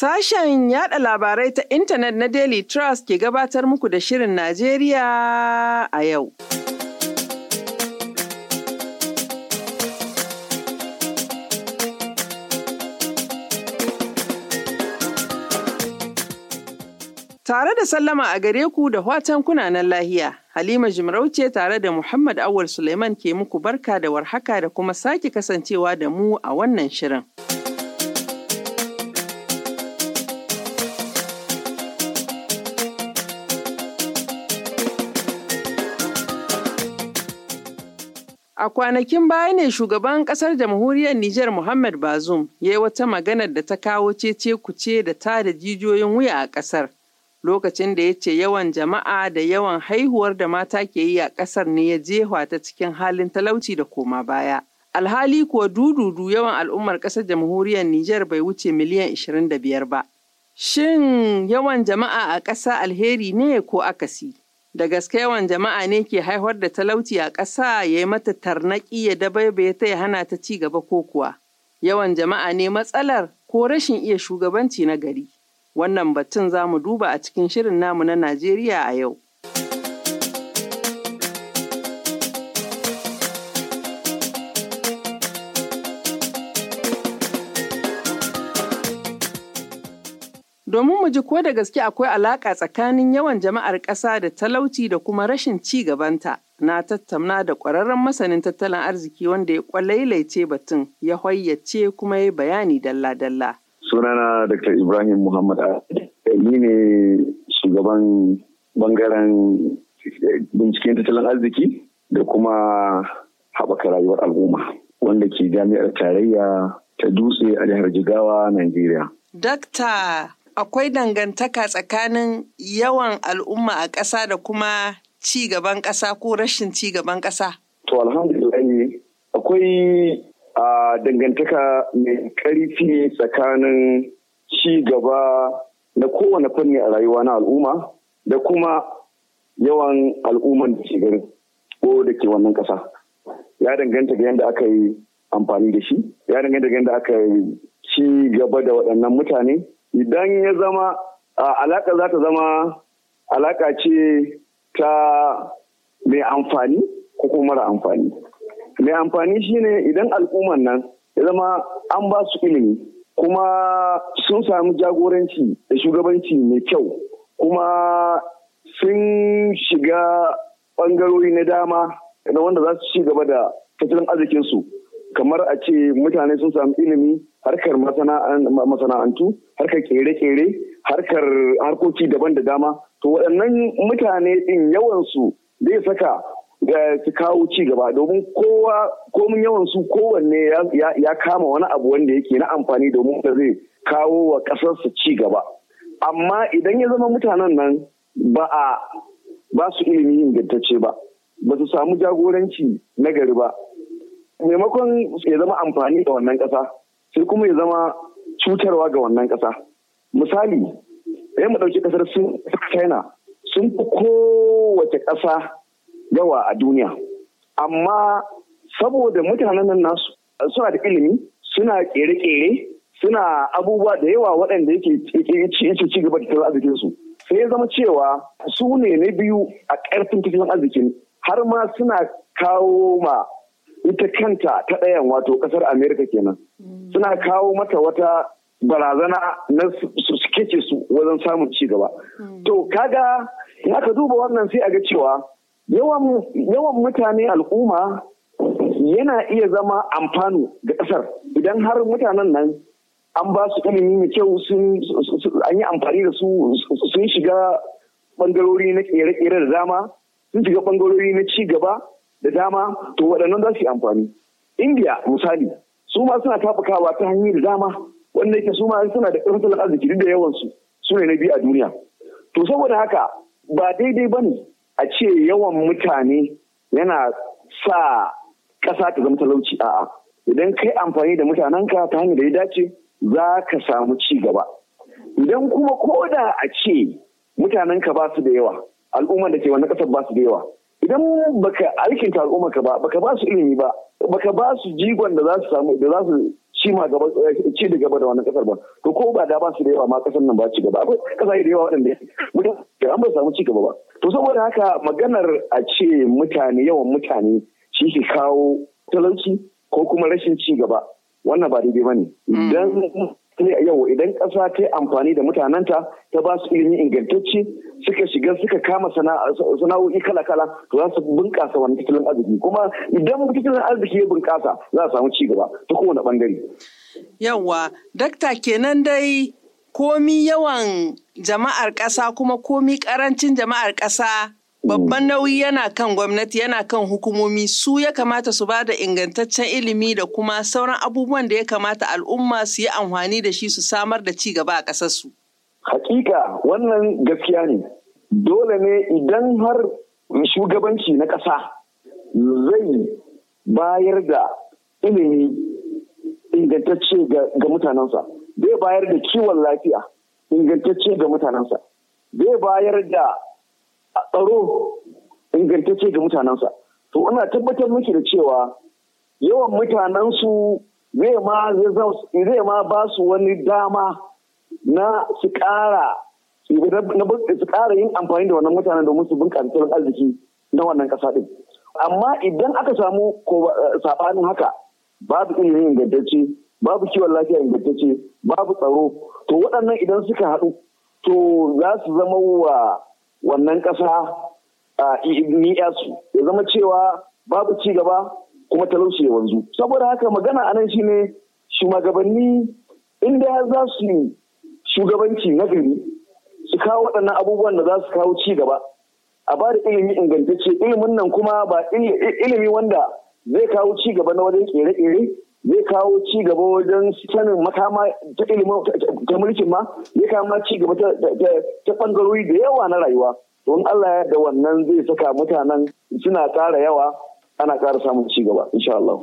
Sashen yada labarai ta intanet na Daily Trust ke gabatar muku da Shirin Najeriya a yau. Tare da sallama a gare ku da watan kunanan lahiya, Halima Jimarauce tare da Muhammad Awal Suleiman ke muku barka da warhaka da kuma sake kasancewa da mu a wannan shirin. A kwanakin baya ne shugaban kasar jamhuriyar Nijar Muhammad Bazoum ya yi wata maganar da ta kawo cece kuce da ta da jijiyoyin wuya a kasar. Lokacin da ya ce yawan jama'a da yawan haihuwar da mata ke yi a kasar ne ya jefa ta cikin halin talauci da koma baya. Alhali kuwa dududu yawan al'ummar kasar jamhuriyar Nijar bai wuce miliyan 25 ba. Shin yawan jama'a a ƙasa alheri ne ko akasi? da gaske yawan jama'a ne ke haifar da talauci a ƙasa ya yi mata tarnaƙi ya dabaibaye ta ya hana ta ci gaba ko kuwa yawan jama'a ne matsalar ko rashin iya shugabanci na gari wannan batun za mu duba a cikin shirin namu na Najeriya a yau. domin mu ji ko da gaske akwai alaƙa tsakanin yawan jama'ar ƙasa da talauci da kuma rashin ci gabanta. Na tattauna da ƙwararren masanin tattalin arziki wanda ya kwalailaice batun ya hoyyace kuma ya bayani dalla-dalla. Sunana Dr. Ibrahim Muhammad ni ne shugaban bangaren eh, binciken tattalin arziki da kuma haɓaka rayuwar al'umma wanda ke jami'ar tarayya ta dutse a jihar Jigawa, Najeriya. Dakta akwai dangantaka tsakanin yawan al'umma a ƙasa da kuma ci gaban ƙasa ko rashin ci gaban ƙasa? To alhamdulillah akwai a dangantaka mai ƙarfi tsakanin ci gaba na kowane fanni a rayuwa na al'umma da kuma yawan al'umman da ke garin ko da ke wannan ƙasa. Ya danganta ga yadda aka yi amfani da shi, ya danganta ga yadda aka yi ci gaba da waɗannan mutane idan ya zama alaka za ta zama alaka ce ta mai amfani ko kuma mara amfani mai amfani shine idan al'umman nan ya zama an ba su ilimi kuma sun sami jagoranci da shugabanci mai kyau kuma sun shiga ɓangarori na dama da wanda za su ci gaba da tattalin arzikinsu kamar a ce mutane sun sami ilimi harkar masana'antu harkar kere-kere harkar harkoki daban da dama to waɗannan mutane ɗin yawansu zai saka eh, su kawo ci gaba domin kowa komin yawansu kowanne ya kama wani abu wanda yake na amfani domin da zai kawo wa ƙasarsu ci gaba amma idan ya zama mutanen nan ba a ba su ilimi ingantacce ba ba su samu jagoranci na gari ba maimakon ya zama amfani da wannan ƙasa sai kuma ya zama cutarwa ga wannan ƙasa misali ɗaya mu ɗauki ƙasar sun china sun fi kowace ƙasa yawa a duniya amma saboda mutanen nan nasu suna da ilimi suna ƙere-ƙere suna abubuwa da yawa waɗanda yake ci gaba da tattalin arzikin su sai ya zama cewa su ne na biyu a ƙarfin tattalin arzikin har ma suna kawo ma ita kanta ta ɗayan wato ƙasar amerika kenan mm. suna kawo mata wata barazana na su kece su wajen samun ci gaba mm. to kaga in aka duba wannan sai a ga cewa yawan mutane al'umma yana iya zama amfano ga ƙasar idan har mutanen nan an ba su ilimi mai kyau an yi amfani da su sun shiga bangarori na kere-kere da dama sun shiga bangarori na ci gaba da dama to waɗannan za su yi amfani indiya misali su ma suna kafu-kawa ta hanyar da dama wanda yake su ma suna da ƙarfin talaka da yawansu su ne na biyu a duniya to saboda haka ba daidai ba ne a ce yawan mutane yana sa ƙasa ta zama talauci a'a idan kai amfani da mutanenka ta hanyar da ya dace za ka samu ci gaba idan kuma ko da a ce mutanenka ba su da yawa al'ummar da ke wani ƙasar ba su da yawa idan baka aikin al'umma ka ba baka ba su ilimi ba baka ba su jigon da za su samu da za su eh, ci ma gaba ci da gaba da wannan kasar ba to ko ba da ba su da yawa ma kasar nan ba ci gaba akwai kasashe da yawa waɗanda mutum an ba samu ci gaba ba to saboda haka maganar a ce mutane yawan mutane shi ke kawo talauci ko kuma rashin ci gaba wannan ba daidai ba ne hmm. idan a yau idan ƙasa ta yi amfani da mutanenta ta ba su ilimi ingantacce suka shiga suka kama sana'o'i kala-kala to za su bunƙasa wani tattalin arziki kuma idan tattalin arziki ya bunƙasa za a samu ci gaba ta kowane ɓangare. Yawwa, dakta kenan dai komi yawan jama'ar ƙasa kuma komi ƙarancin jama'ar ƙasa Babban mm. nauyi yana kan gwamnati yana kan hukumomi su ya kamata su ba da ingantaccen ilimi da kuma sauran abubuwan da ya kamata al'umma su yi amfani da shi su samar da ci gaba a ƙasarsu. Hakika wannan gaskiya ne dole ne idan har shugabanci na ƙasa zai bayar da ilimi ingantacce ga mutanensa zai bayar da kiwon lafiya ingantacce ga mutanensa zai bayar da a tsaro ingantacce ga mutanensa to ina tabbatar miki da cewa yawan mutanensu zai ma zai ma ba su wani dama na su ƙara su ƙara yin amfani da wannan mutanen domin su bunƙasa tattalin arziki na wannan ƙasa ɗin amma idan aka samu eh, saɓanin haka babu ilimin ingantacce babu kiwon lafiya ingantacce babu tsaro to waɗannan idan suka haɗu to za su zama wa wannan ƙasa a su ya zama cewa babu ci gaba kuma talauci ya wanzu saboda haka magana anan ne, shugabanni inda za su yi shugabanci na gari su kawo waɗannan abubuwan da za su kawo ci gaba a ba da ilimi ingantacce ilimin nan kuma ba ilimi wanda zai kawo ci gaba na wajen ƙere-ƙere zai kawo ci gaba wajen sanin makama ta ilimin ta mulkin ma zai kama ci gaba ta bangarori da yawa na rayuwa don Allah ya da wannan zai saka mutanen suna ƙara yawa ana ƙara samun ci gaba insha Allah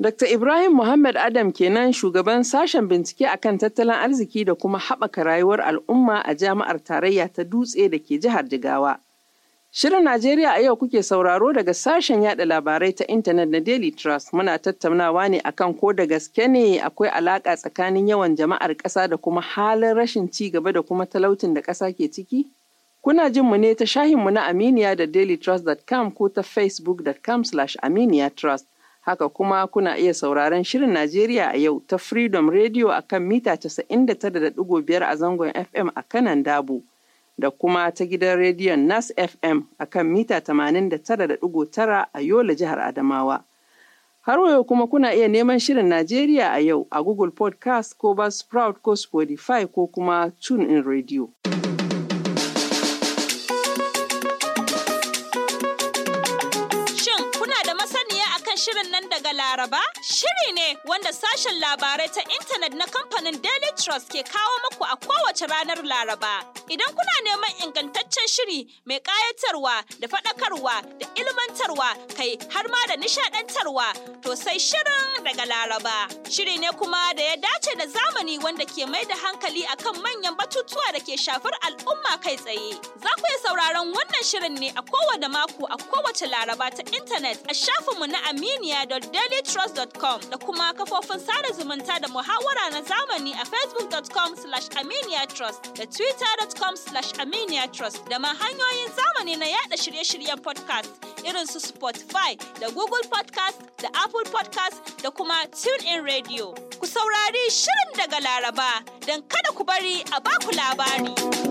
Dr. Ibrahim Muhammad Adam kenan shugaban sashen bincike akan tattalin arziki da kuma haɓaka rayuwar al'umma a jami'ar tarayya ta dutse da ke jihar Jigawa. Shirin Najeriya a yau kuke sauraro daga sashen yaɗa labarai ta intanet na Daily Trust muna tattaunawa ne akan ko da gaske ne akwai alaka tsakanin yawan jama'ar ƙasa da kuma halin rashin ci gaba da kuma talautin da ƙasa ke ciki? Kuna jin mu ne ta shahin mu na Aminiya da dailytrust.com ko ta facebook.com slash Aminiya Trust. Haka kuma kuna iya sauraron Shirin Najeriya a yau ta Freedom Radio akan mita 99.5 a zangon FM a kanan Dabo. da kuma ta gidan rediyon Nas FM a kan mita 89.9 a Yola jihar Adamawa. Har wayo kuma kuna iya neman shirin Najeriya a yau a Google Podcast ko Buzzsprout ko Spotify ko kuma TuneIn Radio. Wannan shirin nan daga Laraba shiri ne wanda sashen labarai ta intanet na kamfanin Daily Trust ke kawo muku a kowace ranar Laraba. Idan kuna neman ingantaccen shiri mai kayatarwa da faɗakarwa da ilmantarwa kai har ma da nishaɗantarwa to sai shirin daga Laraba. Shiri ne kuma da ya dace da zamani wanda ke mai da hankali akan manyan batutuwa da ke shafar al'umma kai tsaye. Za ku iya sauraron wannan shirin ne a kowane mako a kowace Laraba ta intanet a shafinmu na Amin aminiya.dailytrust.com da kuma kafofin sada zumunta da muhawara na zamani a facebook.com slash aminiyatrust da twitter.com slash aminiyatrust da ma hanyoyin zamani na yada shirye-shiryen podcast irin su Spotify da Google podcast da Apple podcast da kuma TuneIn Radio. Ku saurari shirin daga Laraba don kada ku bari a baku labari.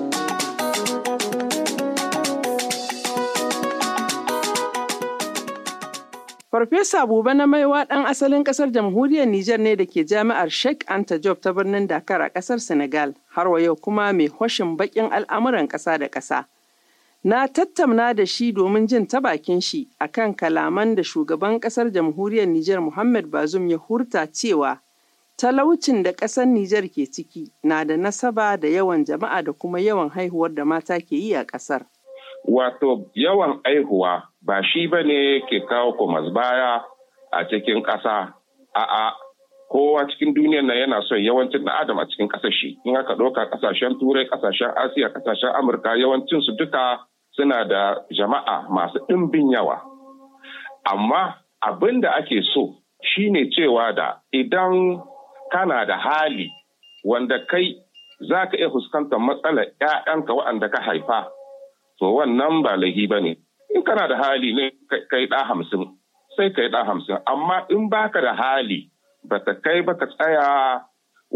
Farfesa Buba na Maiwa ɗan asalin ƙasar jamhuriyar Nijar ne da ke jami'ar Sheikh Anta Job ta birnin Dakar a ƙasar Senegal, har wa yau kuma mai hoshin baƙin al'amuran ƙasa da ƙasa. Na tattamna da shi domin jin ta bakin shi a kan kalaman da shugaban ƙasar jamhuriyar Nijar Muhammad Bazum ya hurta cewa talaucin da ƙasar Nijar ke ciki na da nasaba da yawan jama'a da kuma yawan haihuwar da mata ke yi a ƙasar. Wato yawan aihuwa ba shi ba ne ke kawo komas baya a cikin ƙasa, a'a kowa cikin duniyar nan yana son yawancin na adam a cikin ƙasar shi. In aka ɗauka ƙasashen Turai, ƙasashen Asiya, ƙasashen Amurka yawancin su duka suna da jama'a masu ɗimbin yawa. Amma abin da ake so shine cewa da idan kana da hali wanda kai za ka iya fuskantar matsalar 'ya'yanka waɗanda ka haifa to wannan ba laifi ba ne in kana da hali ne kai ɗa hamsin sai kai ɗa hamsin amma in baka da hali baka kai ka tsaya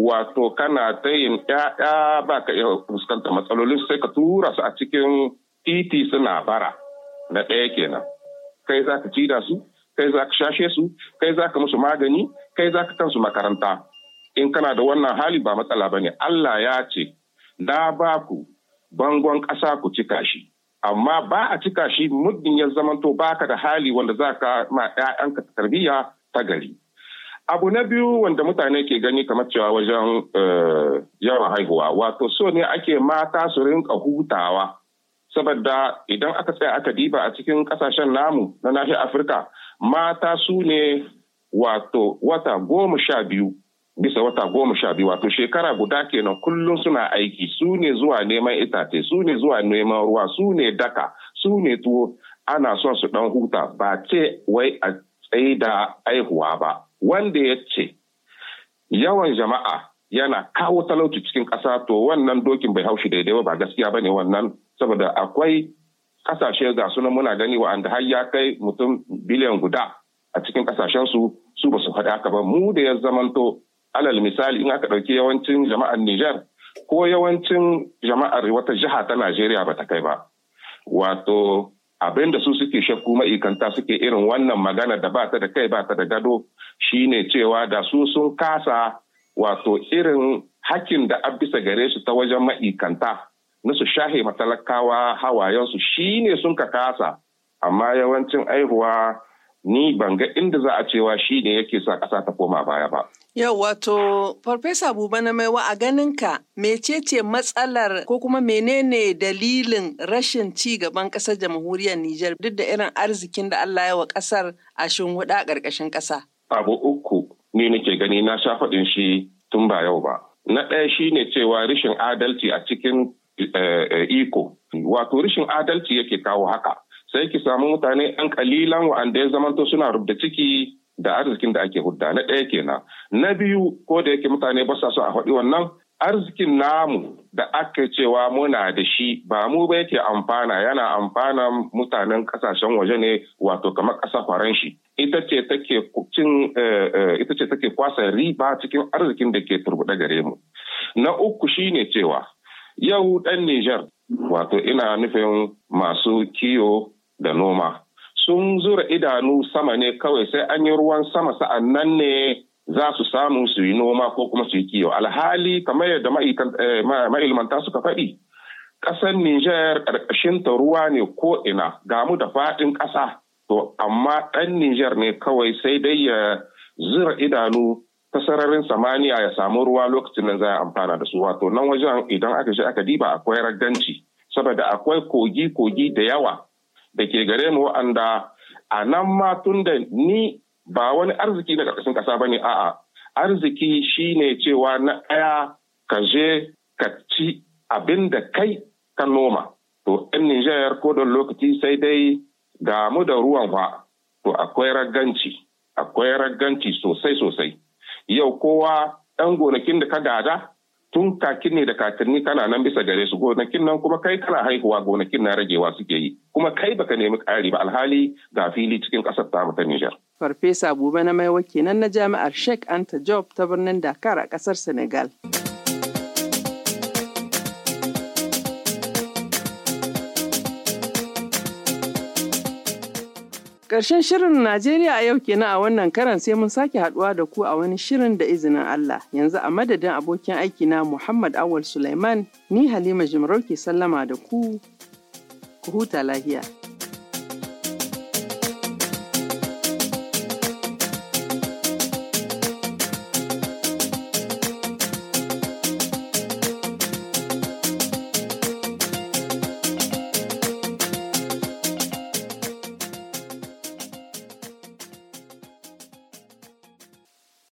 wato kana ta yin ‘ya'ya ba ka iya fuskantar matsalolin sai ka tura su a cikin titi suna bara na ɗaya kenan kai za ka cida su kai za ka shashe su kai za ka musu magani kai za ka kansu makaranta in kana da wannan hali ba matsala ba ne Allah ya ce na ba ku bangon ƙasa ku cika shi amma ba a cika shi muddin ya zamanto baka da hali wanda za ka ma ‘ya'yanka tarbiyya ta gari. Abu na biyu wanda mutane ke gani kamar cewa wajen eh, yawan haihuwa, wato so ne ake mata su rinka hutawa. Saboda idan aka tsaya aka diba a cikin kasashen namu na nahiyar Afirka, mata su ne wato wata goma sha biyu bisa wata goma sha biyu wato shekara guda kenan kullum suna aiki su ne zuwa neman itace su ne zuwa neman ruwa su ne daka su ne tuwo ana son su dan huta ba ce wai a tsaye da aihuwa ba wanda ya ce yawan jama'a yana kawo talauci cikin ƙasa to wannan dokin bai haushi daidai ba gaskiya ba wannan saboda akwai ƙasashe ga sunan muna gani wa'anda har ya kai mutum biliyan guda a cikin ƙasashensu su ba su faɗi haka ba mu da ya zamanto alal misali in aka ɗauki yawancin jama'ar Nijar ko yawancin jama'ar wata jiha ta Najeriya ba ta kai ba. Wato abin da su suke shakku ma'ikanta suke irin wannan magana da ba ta da kai ba ta da gado shine cewa da su sun kasa wato irin hakkin da an bisa gare su ta wajen ma'ikanta na su shahe matalakawa hawayensu shine sun ka kasa amma yawancin aihuwa ni ban ga inda za a cewa shi ne yake sa ƙasa ta koma baya ba. Yau wato, Farfesa Buba na Maiwa a ganin ganinka mecece matsalar ko kuma menene dalilin rashin ci gaban ƙasar jamhuriyar Nijar duk da irin arzikin da Allah ya wa ƙasar a a ƙarƙashin ƙasa? Abu uku ne nake gani na sha faɗin shi tun ba yau ba. Na ɗaya shi ne cewa rashin adalci a cikin eh, eh, iko. Wato rashin adalci yake kawo haka. sai ki samu mutane ɗan kalilan wa'anda ya zamanto suna rubda ciki da arzikin da ake hudda na ɗaya kenan na biyu ko da yake mutane ba sa so a faɗi wannan arzikin namu da aka cewa muna da shi ba mu ba yake amfana yana amfana mutanen kasashen waje ne wato kamar ƙasa shi ita ce take cin eh, eh, ita ce take kwasa riba cikin arzikin da ke turbuɗe gare mu na uku shine cewa yau ɗan Nijar wato ina nufin masu kiyo da noma sun zura idanu sama ne kawai sai an yi ruwan sama sa'an nan ne za su samu su yi noma ko kuma su yi kiyo alhali kamar yadda eh, ma'ilmanta suka faɗi ƙasar Nijar ƙarƙashinta ruwa ne ko ina mu da faɗin ƙasa to amma ɗan Nijar ne kawai sai dai ya zura idanu ta sararin samaniya ya samu ruwa lokacin nan za a amfana da su wato nan wajen idan aka shi aka diba akwai raganci saboda akwai kogi-kogi da yawa da ke gare mu wa'anda a nan ma tun da ni ba wani arziki na ƙarƙashin ƙasa ba ne a'a arziki shi ne cewa na ɗaya ka je ka ci abin da kai ka noma to ɗan nijiyar ko da lokaci sai dai damu da ruwan fa to akwai raganci akwai raganci sosai sosai yau kowa ɗan gonakin da ka gada tun kakin ne da kakanni kana nan bisa gare su gonakin nan kuma kai kana haihuwa gonakin na ragewa suke yi kuma kai baka nemi ƙari ba alhali ga fili cikin ƙasar ta ta Nijar. Farfesa Buba na Maiwa kenan na jami'ar Sheikh Anta Job ta birnin Dakar a ƙasar Senegal. karshen shirin Najeriya a yau kenan a wannan karan sai mun sake haduwa da ku a wani shirin da izinin Allah. Yanzu a madadin abokin aiki na Muhammad Awal Sulaiman, ni Halima Jimarau ke sallama da ku, ku huta lahiya.